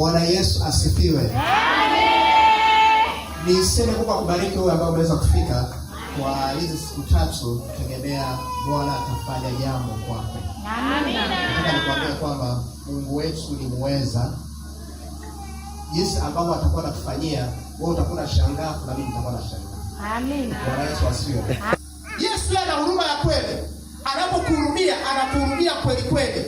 Bwana Yesu asifiwe. Amen. Niseme kwa kubariki wewe ambao umeweza kufika kwa hizi siku tatu, tegemea Bwana atafanya jambo kwako. Amen. Nataka nikuambia kwamba Mungu wetu ni muweza. Jinsi ambavyo atakuwa anakufanyia wewe, utakuwa shangaa na mimi nitakuwa shangaa. Amen. Bwana Yesu asifiwe. Yesu ana huruma ya kweli, anapokuhurumia anakuhurumia kweli kweli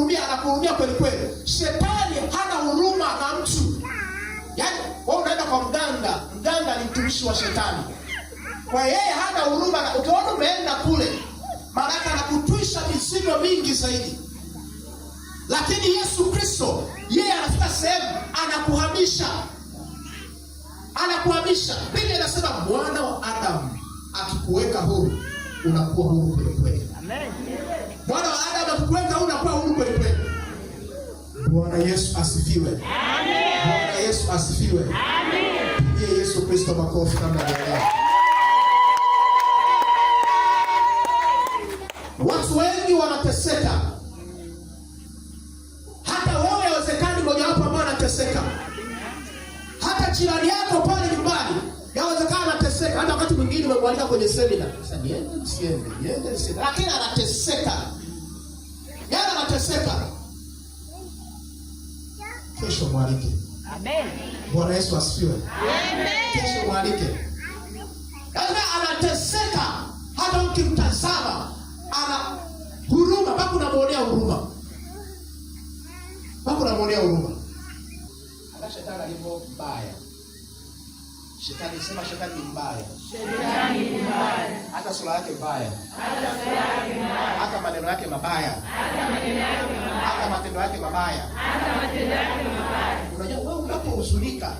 anakuhurumia, anakuhurumia kweli kweli. Shetani hana huruma na mtu. Yaani wewe unaenda kwa mganga, mganga ni mtumishi wa shetani. Kwa yeye hana huruma na ukiona umeenda kule, maana anakutwisha misimo mingi zaidi. Lakini Yesu Kristo yeye anafika sehemu anakuhamisha. Anakuhamisha. Biblia inasema mwana wa Adamu akikuweka huru unakuwa huru kweli kweli. Amen. Bwana wa Adamu akikuweka Yesu asifiwe. Amen. Bwana Yesu asifiwe. Amen. Pigie Yesu Kristo makofi kama leo. Watu wengi wanateseka. Hata wewe yawezekani mojawapo ambao anateseka. Hata jirani yako pale nyumbani yawezekana anateseka. Hata wakati mwingine umemwalika kwenye semina. Sasa niende, siende, niende, siende. Lakini anateseka. Yeye yaani anateseka kesho mwalike. Amen. Bwana Yesu asifiwe. Amen. Kesho mwalike. Kama anateseka, hata ukimtazama ana huruma, bado unamwonea huruma, bado unamwonea huruma. Hata shetani alivyo mbaya Shetani, sema shetani ni mbaya. Shetani ni mbaya. Hata sura yake mbaya. Hata sura yake mbaya. Hata maneno yake mabaya. Hata maneno yake mabaya. Hata matendo yake mabaya. Hata matendo yake mabaya. Unajua wewe unapohuzunika,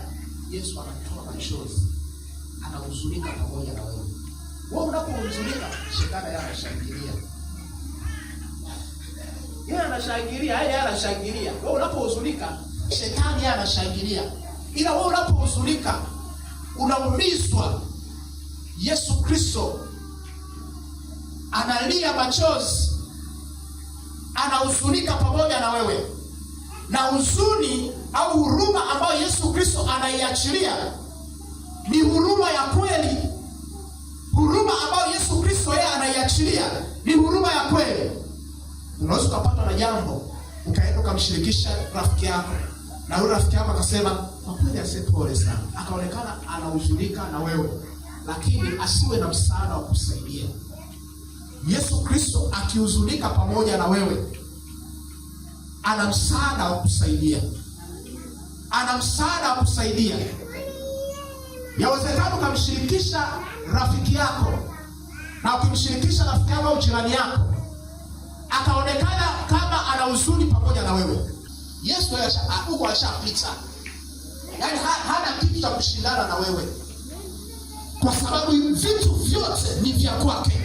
Yesu anatoa machozi. Anahuzunika pamoja na wewe. Wewe unapohuzunika, shetani yeye anashangilia. Yeye anashangilia, yeye anashangilia. Wewe unapohuzunika, shetani yeye anashangilia. Ila wewe unapohuzunika, unaumizwa. Yesu Kristo analia machozi, anahuzunika pamoja na wewe, na huzuni au huruma ambayo Yesu Kristo anaiachilia ni huruma ya kweli. Huruma ambayo Yesu Kristo yeye anaiachilia ni huruma ya kweli. Unaweza ukapatwa na jambo ukaenda ukamshirikisha rafiki yako na yule rafiki yako akasema, kwa kweli pole sana, akaonekana anahuzunika na wewe, lakini asiwe na msaada wa kusaidia. Yesu Kristo akihuzunika pamoja na wewe, ana msaada wa kusaidia, ana msaada wa kusaidia. Yawezekana ukamshirikisha rafiki yako, na ukimshirikisha rafiki yako au jirani yako, akaonekana kama ana huzuni pamoja na wewe Yesu huko alishapita, yaani hana kitu cha kushindana na wewe, kwa sababu vitu vyote ni vya kwake.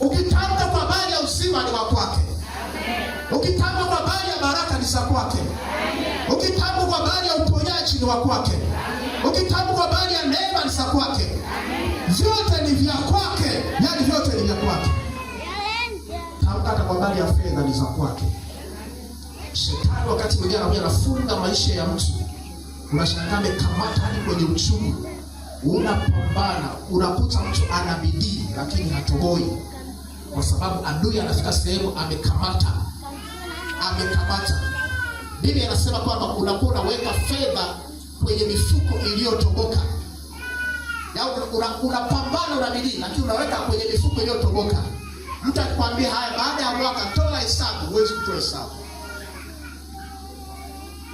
Ukitamba kwa bali ya uzima ni wa kwake, ukitamba kwa bali ya baraka ni za kwake, ukitamba kwa bali ya uponyaji ni wa kwake, ukitamba kwa bali ya neema ni za kwake, vyote ni vya kwake, yaani vyote ni vya kwake. Tamka hata kwa bali ya fedha ni za kwake. Shetani wakati mwingine anakuja anafunga maisha ya mtu, unashangaa amekamata hadi kwenye uchumi, unapambana, unakuta mtu ana bidii lakini hatoboi, kwa sababu adui anafika sehemu amekamata, amekamata. Biblia anasema kwamba unakuwa unaweka fedha kwenye mifuko iliyotoboka, unapambana, una bidii, lakini unaweka kwenye mifuko iliyotoboka. Mtu akikwambia haya, baada ya mwaka toa hesabu, huwezi kutoa hesabu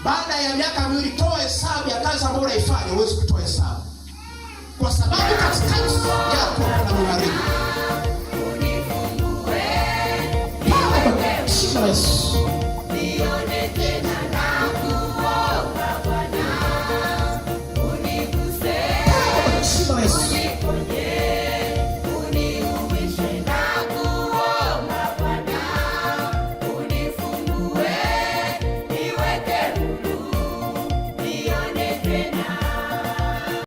baada ya miaka miwili, toa hesabu ya kazi ambayo unaifanya. uweze kutoa hesabu kwa sababu katikati yako kuna